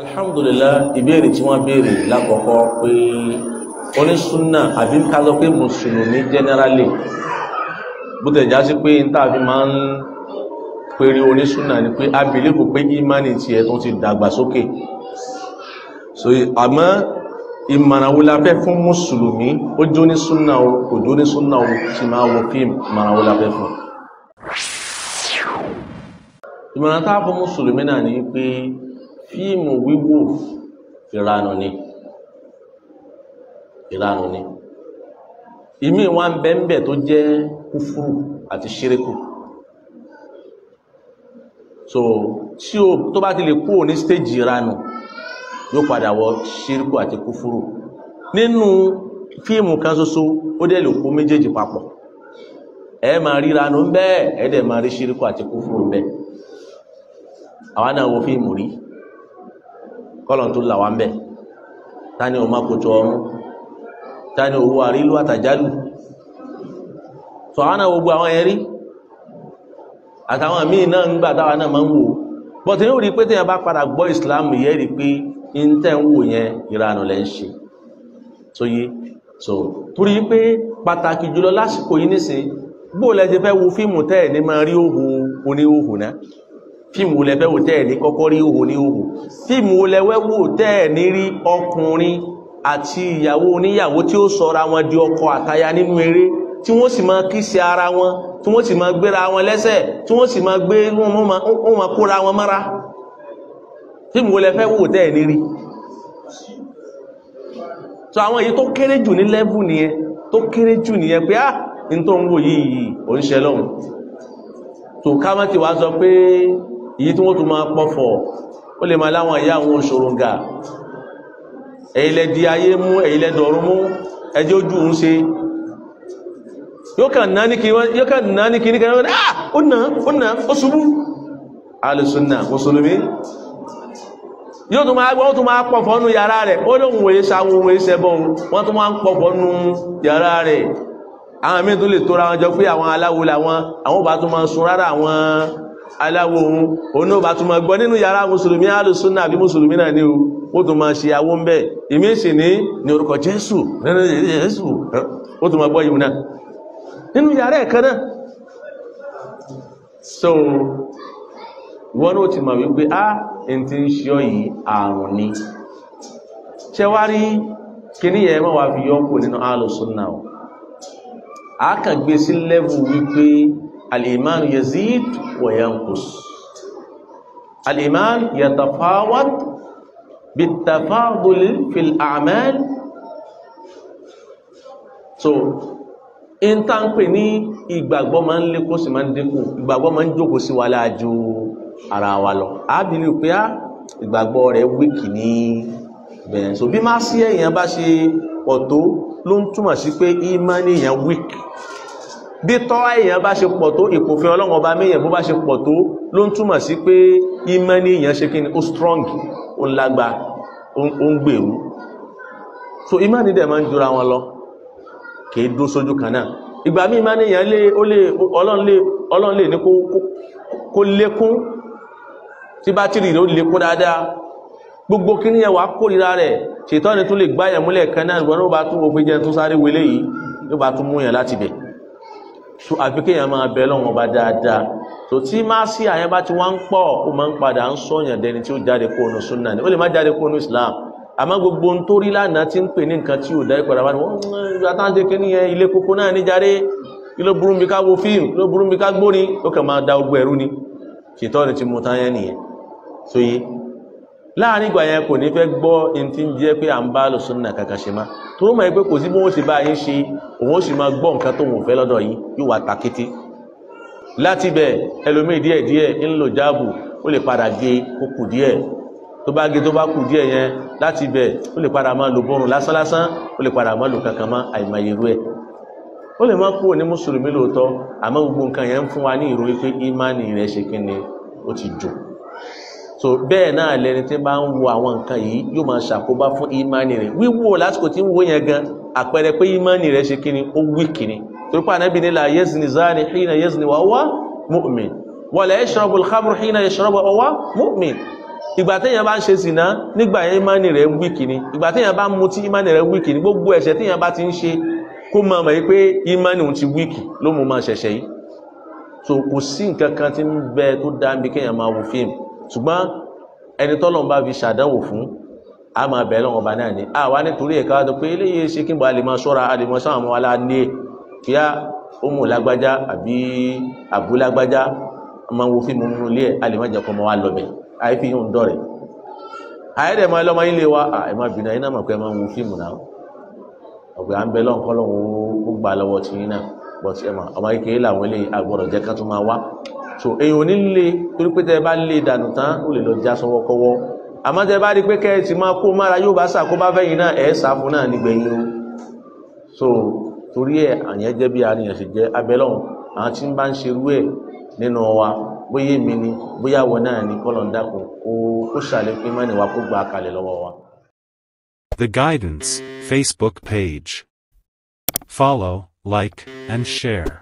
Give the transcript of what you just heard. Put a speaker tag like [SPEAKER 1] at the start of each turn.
[SPEAKER 1] alhamdulillah ìbéèrè tí wọ́n béèrè lákọ̀ọ́kọ́ pé onísúnà àbí ń kálọ pé mùsùlùmí generally bótẹ̀já sí pé ń tàbí máa ń pèrè onísúnà ni pé abìlẹ́kù pé ìmánì tiẹ̀ tó ti dàgbà sókè so àmọ́ ìmàràwó la fẹ́ fún mùsùlùmí ó jó ní súnà o kò jó ní súnà o ti máa wọ fí ìmàràwó fẹ́ fún ìmàràn táà fún mùsùlùmí náà ni pé fíìmù wíwò ìranù ni ìranù ni ìmí wa ń bẹ́ńbẹ̀ tó jẹ́ kúfúrú àti ṣíríkù so tí o tó bá ti lè kúrò ní stéèjì ìranù yóò padà wọ ṣíríkù àti kúfúrú nínú fíìmù kan ṣoṣo ó dẹ̀ lè kó méjèèjì papọ̀ ẹ máa rí ìranù ń bẹ́ẹ̀ ẹ dẹ̀ máa rí ṣíríkù àti kúfúrú ń bẹ́ẹ̀ àwa náà fíìmù rí kọ́lọ̀ tó là wá ń bẹ̀ ta ni ọmọ kòtò ọrùn ta ni owó àrílù àtàjálù sọ̀hánà gbogbo àwọn ẹ̀rí àtàwọn míì náà ń gbà táwa náà máa ń wò bọ́ tí ní rí pé tẹ́yàn bá padà gbọ́ Islam yẹ́ rí pé in tẹ́ ń wò yẹn ìranù lẹ́ ń ṣe tó yé so torí pé pàtàkì jùlọ lásìkò yìí nísìn bó lẹ́jẹ́ fẹ́ wo fíìmù tẹ́ẹ̀ ní máa rí òhun oníhòhò náà fíìmù wo lẹ́fẹ́ wò tẹ́ẹ̀ ní kọ́kọ́ rí òhò ní òhò fíìmù wo lẹ́wẹ́ wò tẹ́ẹ̀ ní rí ọkùnrin àti ìyàwó oníyàwó tí ó sọra wọn di ọkọ àtaya nínú eré tí wọ́n sì máa kí sí ara wọn tí wọ́n sì máa gbéra wọn lẹ́sẹ̀ tí wọ́n sì máa gbé wọ́n máa kóra wọn mọ́ra fíìmù wo wò tẹ́ẹ̀ ní rí so àwọn èyí tó kéré jù ní lẹ́bù nìyẹn tó kéré jù nìyẹn pé á ah, ní tó ń wò yìí yìí ò ń ṣẹlọ́hùn ká má ti wá sọ pé èyí tí wọ́n tún máa pọ́fọ̀ ó lè máa láwọn ìyá àwọn òṣòròǹgà ẹ̀yìnlẹ̀ di ayé mú ẹ̀yìnlẹ̀ dọ̀rún mú ẹjẹ́ ojú ń ṣe yóò kàn náà ní kí ní kan ah ó náà ó náà ó ṣubú alùsùnà mùsùlùmí yóò tún máa gbọ́n tún máa pọ̀fọ́ nú yàrá rẹ̀ ó lóun wòye sáwọn òun ìṣẹ́bọ̀n wọ́n tún máa ń pọ̀fọ́ nú yàrá rẹ̀ àwọn mí tún lè tóra wọn jọ pé àwọn aláwo làwọn àwọn bá tún máa sun rárá àwọn aláwọ̀ ohun òun náà bá tún máa gbọ́ nínú yàrá mùsùlùmí alùsùnà àbí mùsùlùmí náà ní o ó tún máa ṣe àwọn ń bẹ̀ ìmí sì ní ní orúkọ jésù jésù ó tún máa gbọ́ yìí náà nínú yàrá ẹ̀kẹ́ náà so wọ́n ó ti máa wípé á n ti ń ṣe yìí àrùn ni ṣe wá rí kíníyẹ̀ mọ́ wá fi yọ́kù nínú alùsùnà o a kàn gbé sí lẹ́bù wípé al'iman yazid wa yankus al'iman ya tafawat bitafadul fil amal so in ta ń pè ní ìgbàgbọ́ ma ń lékó sí ma ń dínkù ìgbàgbọ́ ma ń jókòó sí wa láàájú ara wa lọ ábìlú pé á ìgbàgbọ́ rẹ̀ wíkì ní bẹ̀rẹ̀ so bí má sí èèyàn bá ṣe pọ̀ tó ló ń túmọ̀ sí pé ìmánì èèyàn bí tọ́ èèyàn bá ṣe pọ̀ tó ìpòfin ọlọ́run ọba méèyàn bó bá ṣe pọ̀ tó ló ń túmọ̀ sí pé ìmọ̀ ní èèyàn ṣe kí ni ó strong ó ń lágbà ó ń gbèrú so ìmọ̀ ní dẹ̀ máa ń jura wọn lọ kìí dó sójú kan náà ìgbà míì máa níyàn lé ọlọ́run lè ní kó lékún tí bá tìrì ló lékún dáadáa gbogbo kí níyàn wà kórìíra rẹ̀ ṣètọ́ni tún lè gbáyàn múlẹ̀ kan náà ìgbọ́n ló bá tún òfin jẹ́ tún sáré wọlé yìí ló bá tún múyàn láti bẹ̀ so àfi kéèyàn máa bẹ lọ́wọ́n bá dáadáa tó tí máa sí àyàn bá ti wá ń pọ̀ ó máa ń padà ń sọ̀yàn dẹni tí ó jáde kó nu sunna ni ó lè má jáde kó nu islam àmọ́ gbogbo ń torí lánàá ti ń pè ní nǹkan tí ò dá ìpadà bá ní wọ́n àtàǹdé kínní yẹn ilé kókó náà níjàre kí ló burú mi ká wo fíìmù kí ló burú mi ká gbórin ó kàn máa da ogbó ẹrú ni ṣètọ́ ni ti mú tán yẹn nìyẹn so yìí láàrin ìgbà yẹn kò ní fẹ́ gbọ́ in ti ń jẹ́ pé à ń bá lò sunna kankan ṣe má tó mọ̀ pé kò sí bí wọ́n ṣe bá yín ṣe òun ó sì máa gbọ́ nǹkan tó wọ́n fẹ́ lọ́dọ̀ yín yóò wá ta kété láti bẹ̀ ẹlòmíì díẹ̀ díẹ̀ ń lò jáàbù ó lè padà gé ó kù díẹ̀ tó bá gé tó bá kù díẹ̀ yẹn láti bẹ̀ ó lè padà máa lò bọ́rùn lásán lásán ó lè padà máa lò kankan mọ́ àìmọyerú ẹ̀ ó lè má kúrò so bẹ́ẹ̀ náà lẹni tí bá ń wo àwọn nǹkan yìí yóò máa ṣàkóbá fún ìmánì rẹ̀ wíwò lásìkò tí ń wo yẹn gan àpẹẹrẹ pé ìmánì rẹ̀ ṣe kíni ó wí kíni torí pé ànábì nílà yazni zani hina yazni wa huwa mu'min wala yashrabu al-khamra hina yashrabu wa huwa mu'min ìgbà téèyàn bá ń ṣe sìnà nígbà yẹn ìmánì rẹ̀ ń wí kíni ìgbà téèyàn bá ń mutí ìmánì rẹ̀ ń wí kíni gbogbo ẹ̀ṣẹ̀ téèyàn bá ti ń ṣe kó so kò sí nǹkan kan tí ń bẹ tó ṣùgbọ́n ẹni tọ́lọ́n bá fi ṣàdánwò fún a máa bẹ̀ẹ́ lọ́wọ́ bá náà ni a wá nítorí ẹ̀ka tó pé eléyìí ṣe kí n bá lè máa ṣọ́ra a lè máa sáwọn ọmọ wa láàánú kí á ó mú lágbájá àbí àbú lágbájá máa wo fíìmù nínú ilé ẹ̀ a lè má jẹ́ kó ọmọ wa lọ́bẹ̀ àyè fi yóò dọ̀rẹ̀ àyè máa lọ́mọ ilé wa ẹ̀ má bínú ẹ̀yin náà mọ̀ máa wo fíìmù náà ọ̀pẹ̀ à ń bẹ lọ́nkọ́ lọ́wọ́ ó gbà lọ́wọ́ tìyín náà bọ́t so èyàn ò ní lè torí pé tẹ́ bá lè dànù tán ó lè lọ já sọwọ́ kọ́wọ́ àmọ́ tẹ́ bá rí pé kẹ́ẹ̀tì máa kó mára yóò bá sàkó bá fẹ́yìn náà ẹ̀ sàfún náà nígbẹ̀yìn o so torí ẹ̀ àyẹn jẹ́ bí àníyàn ṣe jẹ́ abẹ́lọ́hùn àwọn tí ń bá ń ṣerú ẹ̀ nínú wa bóyá èmi ni bóyá wọ náà ni kọ́lọ̀ ń dàpọ̀ kó kó ṣàlékún mọ́ni wa kó gba àkàlẹ̀ lọ́wọ́ wa. The Guidance Facebook page. Follow, like, and share.